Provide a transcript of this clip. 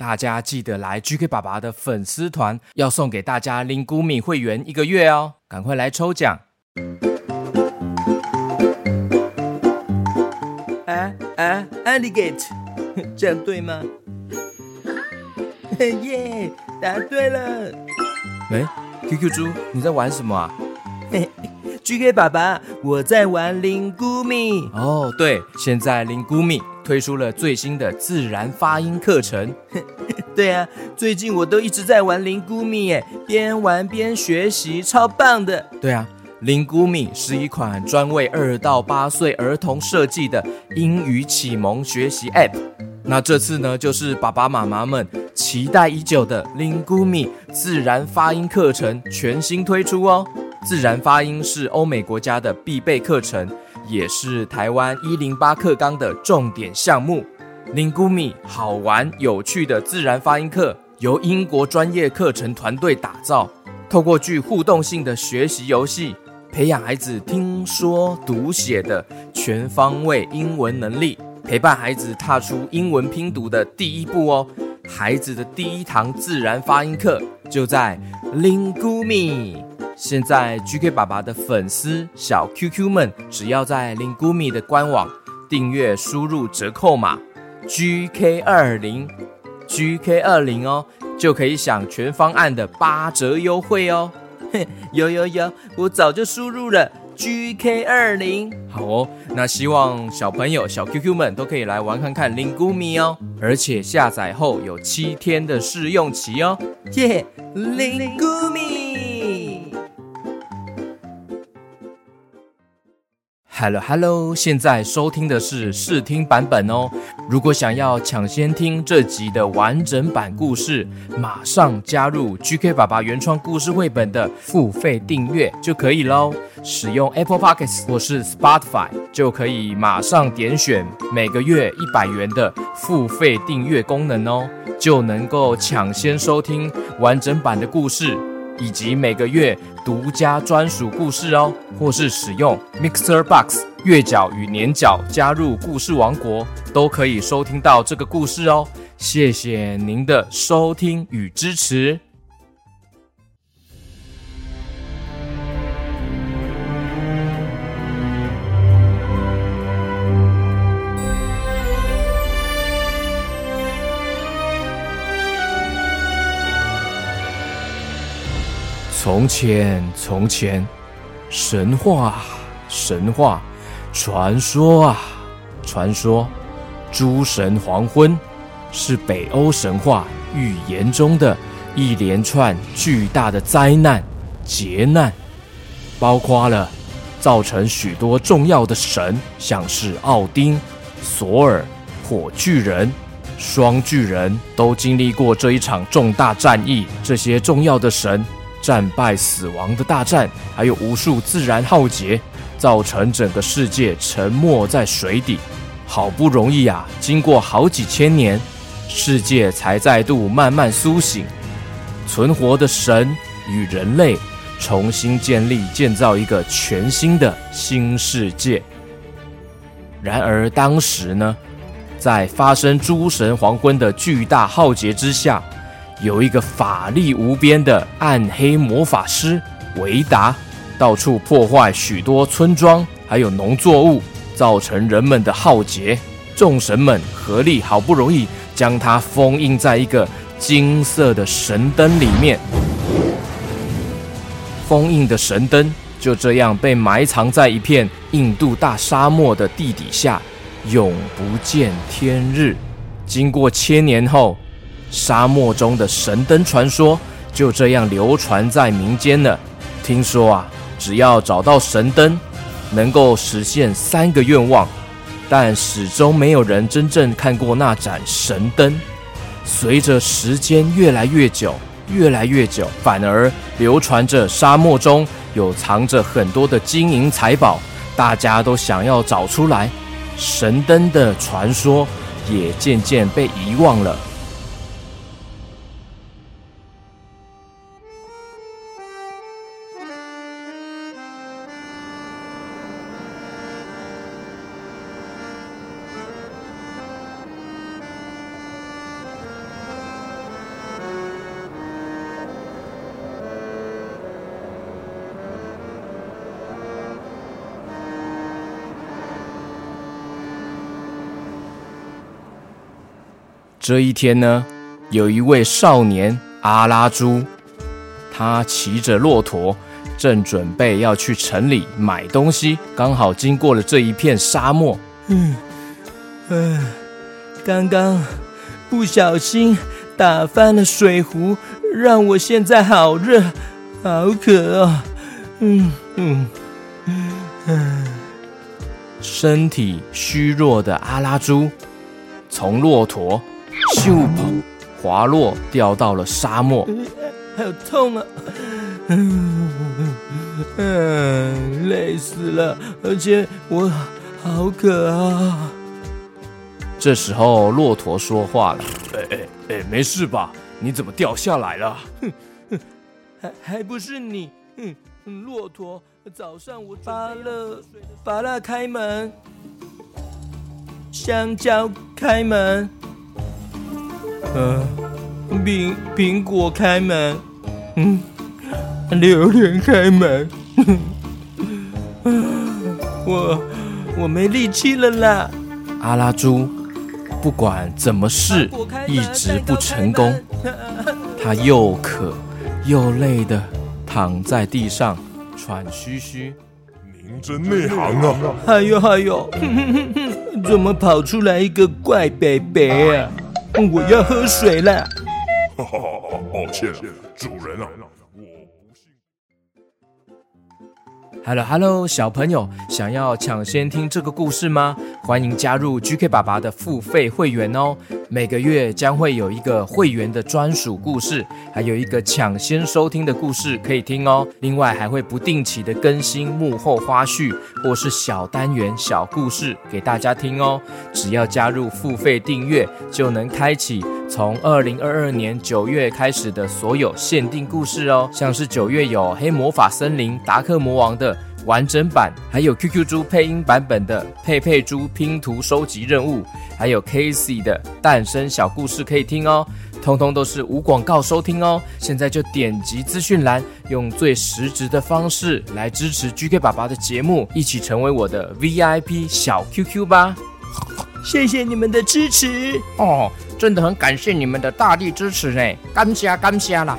大家記得來 GK 爸爸的粉絲團，要送給大家 Lingumi 會員一個月哦，趕快來抽獎！哎哎、啊啊、a l l i g a t e 這樣對嗎？耶、 yeah,，答對了！喂、欸、，QQ 豬，你在玩什麼啊？嘿 ，GK 爸爸，我在玩 Lingumi。哦，對，現在 Lingumi。推出了最新的自然發音課程。 對啊，最近我都一直在玩 Lingumi 誒，邊玩邊學習，超棒的。對啊，Lingumi 是一款專為二到八歲兒童設計的英語啟蒙學習 App。那這次呢，就是爸爸媽媽們期待已久的 Lingumi 自然發音課程全新推出哦。自然發音是歐美國家的必備課程。也是台灣一零八課綱的重點項目。Lingumi 好玩有趣的自然發音課，由英國專業課程團隊打造，透過具互動性的學習遊戲，培養孩子聽說讀寫的全方位英文能力，陪伴孩子踏出英文拼讀的第一步哦。孩子的第一堂自然發音課就在 Lingumi。現在 GK 爸爸的粉絲小 QQ 們，只要在 Lingumi 的官網訂閱，輸入折扣碼 GK 二零 GK 二零哦，就可以享全方案的八折優惠哦。有有有，我早就輸入了 GK 二零，好哦。那希望小朋友小 QQ 們都可以來玩看看 Lingumi 哦，而且下載後有七天的試用期哦。耶、yeah，Lingumi。Hello，Hello，hello，現在收聽的是試聽版本哦。如果想要搶先聽這集的完整版故事，馬上加入 GK 爸爸原創故事繪本的付費訂閱就可以嘍。使用 Apple Podcasts 或是 Spotify，就可以馬上點選每個月一百元的付費訂閱功能哦，就能夠搶先收聽完整版的故事。以及每個月獨家專屬故事哦，或是使用 Mixer Box 月繳與年繳加入故事王國，都可以收聽到這個故事哦。謝謝您的收聽與支持。從前，從前，神話，神話，傳說啊，傳說，諸神黃昏是北歐神話預言中的一連串巨大的災難劫難，包括了造成許多重要的神，像是奧丁、索爾、火巨人、雙巨人都經歷過這一場重大戰役。這些重要的神。戰敗、死亡的大戰，還有無數自然浩劫，造成整個世界沉沒在水底。好不容易呀、啊，經過好幾千年，世界才再度慢慢甦醒。存活的神與人類，重新建立、建造一個全新的新世界。然而當時呢，在發生諸神黃昏的巨大浩劫之下。有一個法力無邊的暗黑魔法師維達，到處破壞許多村莊，還有農作物，造成人們的浩劫。眾神們合力，好不容易將他封印在一個金色的神燈裡面。封印的神燈就這樣被埋藏在一片印度大沙漠的地底下，永不見天日。經過千年後，沙漠中的神燈傳說就這樣流傳在民間了。聽說啊，只要找到神燈，能夠實現三個願望，但始終沒有人真正看過那盞神燈。隨着時間越來越久，越來越久，反而流傳着沙漠中有藏着很多的金銀財寶，大家都想要找出來。神燈的傳說也漸漸被遺忘了。這一天呢，有一位少年阿拉豬，他騎着駱駝，正準備要去城裡買東西，剛好經過了這一片沙漠。嗯、呃，剛剛不小心打翻了水壺，讓我現在好熱，好渴啊，哦！嗯嗯嗯，呃、身體虛弱的阿拉豬從駱駝。咻！滑落，掉到了沙漠。好、呃呃、痛啊！嗯嗯、呃，累死了，而且我好渴啊！這時候駱駝說話了：“哎哎、呃呃呃，沒事吧？你怎麼掉下來了？”哼哼，還還不是你！哼，駱駝，早上我發了，芭樂開門，香蕉開門。嗯、呃，蘋蘋果開門，嗯，榴蓮開門，啊、我我沒力氣了啦！阿拉豬，不管怎麼試，一直不成功。他 又渴又累的躺在地上，喘吁吁。您真內行啊！還有還有，怎麼跑出來一個怪北北啊？哎我要喝水了。哈哈，抱歉，哦，、抱歉，主人啊。好了，Hello，Hello，小朋友，想要搶先聽這個故事嗎？歡迎加入 GK 爸爸的付費會員哦。每個月將會有一個會員的專屬故事，還有一個搶先收聽的故事可以聽哦。另外還會不定期的更新幕後花絮或是小單元小故事給大家聽哦。只要加入付費訂閱，就能開啟從二零二二年九月開始的所有限定故事哦，像是九月有黑魔法森林、達克魔王的。完整版，還有 QQ 豬配音版本的佩佩豬拼圖收集任務，還有 Casey 的誕生小故事可以聽哦，通通都是無廣告收聽哦。現在就點擊資訊欄，用最實質的方式來支持 GK 爸爸的節目，一起成為我的 VIP 小 QQ 吧！謝謝你們的支持哦，真的很感謝你們的大力支持呢，感謝感謝啦！